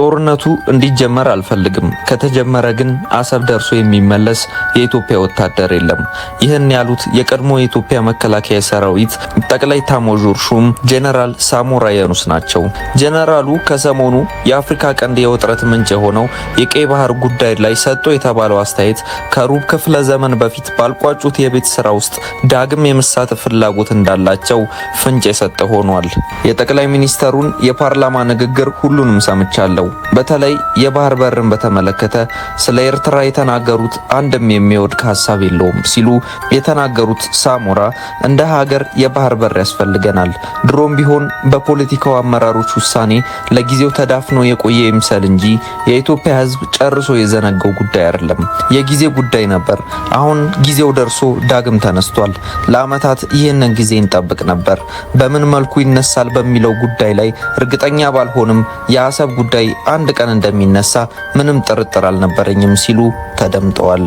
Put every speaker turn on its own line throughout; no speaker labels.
ጦርነቱ እንዲጀመር አልፈልግም። ከተጀመረ ግን አሰብ ደርሶ የሚመለስ የኢትዮጵያ ወታደር የለም። ይህን ያሉት የቀድሞ የኢትዮጵያ መከላከያ ሰራዊት ጠቅላይ ኤታማዦር ሹም ጄኔራል ሳሞራ የኑስ ናቸው። ጄኔራሉ ከሰሞኑ የአፍሪካ ቀንድ የውጥረት ምንጭ የሆነው የቀይ ባህር ጉዳይ ላይ ሰጥቶ የተባለው አስተያየት ከሩብ ክፍለ ዘመን በፊት ባልቋጩት የቤት ስራ ውስጥ ዳግም የመሳተፍ ፍላጎት እንዳላቸው ፍንጭ የሰጠ ሆኗል። የጠቅላይ ሚኒስተሩን የፓርላማ ንግግር ሁሉንም ሰምቻለሁ። Tchau! በተለይ የባህር በርን በተመለከተ ስለ ኤርትራ የተናገሩት አንድም የሚወድቅ ሀሳብ የለውም ሲሉ የተናገሩት ሳሞራ እንደ ሀገር የባህር በር ያስፈልገናል፣ ድሮም ቢሆን በፖለቲካው አመራሮች ውሳኔ ለጊዜው ተዳፍኖ የቆየ ይምሰል እንጂ የኢትዮጵያ ሕዝብ ጨርሶ የዘነገው ጉዳይ አይደለም። የጊዜ ጉዳይ ነበር። አሁን ጊዜው ደርሶ ዳግም ተነስቷል። ለአመታት ይህንን ጊዜ እንጠብቅ ነበር። በምን መልኩ ይነሳል በሚለው ጉዳይ ላይ እርግጠኛ ባልሆንም የአሰብ ጉዳይ አንድ አንድ ቀን እንደሚነሳ ምንም ጥርጥር አልነበረኝም ሲሉ ተደምጠዋል።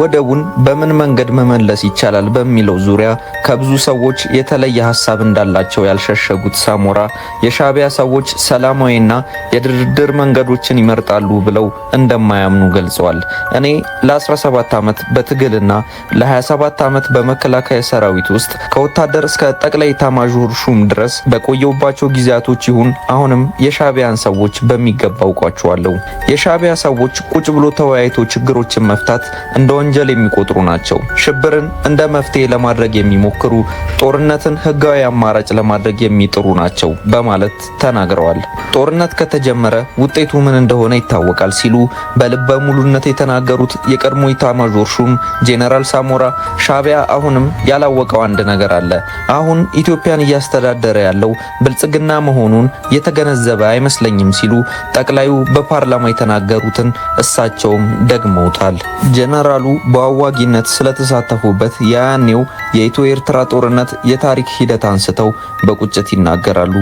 ወደቡን በምን መንገድ መመለስ ይቻላል በሚለው ዙሪያ ከብዙ ሰዎች የተለየ ሀሳብ እንዳላቸው ያልሸሸጉት ሳሞራ የሻቢያ ሰዎች ሰላማዊና የድርድር መንገዶችን ይመርጣሉ ብለው እንደማያምኑ ገልጸዋል። እኔ ለ17 ዓመት በትግልና ለ27 ዓመት በመከላከያ ሰራዊት ውስጥ ከወታደር እስከ ጠቅላይ ኤታማዦር ሹም ድረስ በቆየውባቸው ጊዜያቶች ይሁን አሁንም የሻቢያን ሰዎች በሚገባው አውቋቸዋለሁ። የሻቢያ ሰዎች ቁጭ ብሎ ተወያይቶ ችግሮችን መፍታት እንደ ወንጀል የሚቆጥሩ ናቸው። ሽብርን እንደ መፍትሄ ለማድረግ የሚሞክሩ፣ ጦርነትን ህጋዊ አማራጭ ለማድረግ የሚጥሩ ናቸው በማለት ተናግረዋል። ጦርነት ከተጀመረ ውጤቱ ምን እንደሆነ ይታወቃል ሲሉ በልበ ሙሉነት የተናገሩት የቀድሞ ኢታማዦር ሹም ጄኔራል ሳሞራ ሻቢያ አሁንም ያላወቀው አንድ ነገር አለ። አሁን ኢትዮጵያን እያስተዳደረ ያለው ብልጽግና መሆኑን የተገነዘበ አይመስለኝም ሲሉ ጠቅላይ በላዩ በፓርላማ የተናገሩትን እሳቸውም ደግመውታል። ጀነራሉ በአዋጊነት ስለተሳተፉበት የያኔው የኢትዮ ኤርትራ ጦርነት የታሪክ ሂደት አንስተው በቁጭት ይናገራሉ።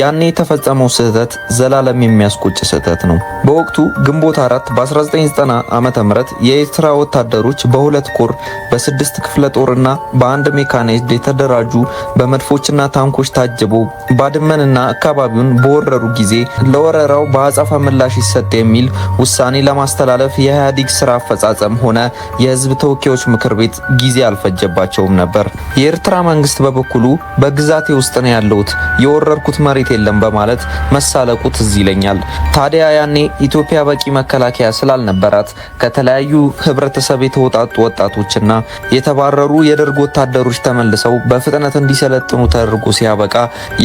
ያኔ የተፈጸመው ስህተት ዘላለም የሚያስቆጭ ስህተት ነው። በወቅቱ ግንቦት አራት በ1990 ዓ ም የኤርትራ ወታደሮች በሁለት ኮር በስድስት ክፍለ ጦርና በአንድ ሜካናይዝድ የተደራጁ በመድፎችና ታንኮች ታጅበው ባድመንና አካባቢውን በወረሩ ጊዜ ለወረራው በአጸፋ ምላሽ ይሰጥ የሚል ውሳኔ ለማስተላለፍ የኢህአዴግ ስራ አፈጻጸም ሆነ የህዝብ ተወካዮች ምክር ቤት ጊዜ አልፈጀባቸውም ነበር። የኤርትራ መንግስት በበኩሉ በግዛቴ ውስጥ ነው ያለሁት የወረርኩት መሬት የለም በማለት መሳለቁ ትዝ ይለኛል። ታዲያ ያኔ ኢትዮጵያ በቂ መከላከያ ስላልነበራት ከተለያዩ ህብረተሰብ የተወጣጡ ወጣቶችና የተባረሩ የደርግ ወታደሮች ተመልሰው በፍጥነት እንዲሰለጥኑ ተደርጎ ሲያበቃ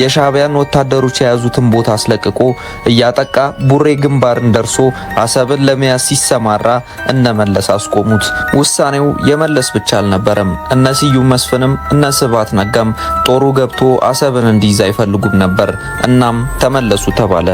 የሻቢያን ወታደሮች የያዙትን ቦታ አስለቅቆ እያጠቃ ቡሬ አውሬ ግንባርን ደርሶ አሰብን ለመያዝ ሲሰማራ እነ መለስ አስቆሙት። ውሳኔው የመለስ ብቻ አልነበረም። እነ ስዩም መስፍንም እነ ስብሃት ነጋም ጦሩ ገብቶ አሰብን እንዲይዝ አይፈልጉም ነበር። እናም ተመለሱ ተባለ።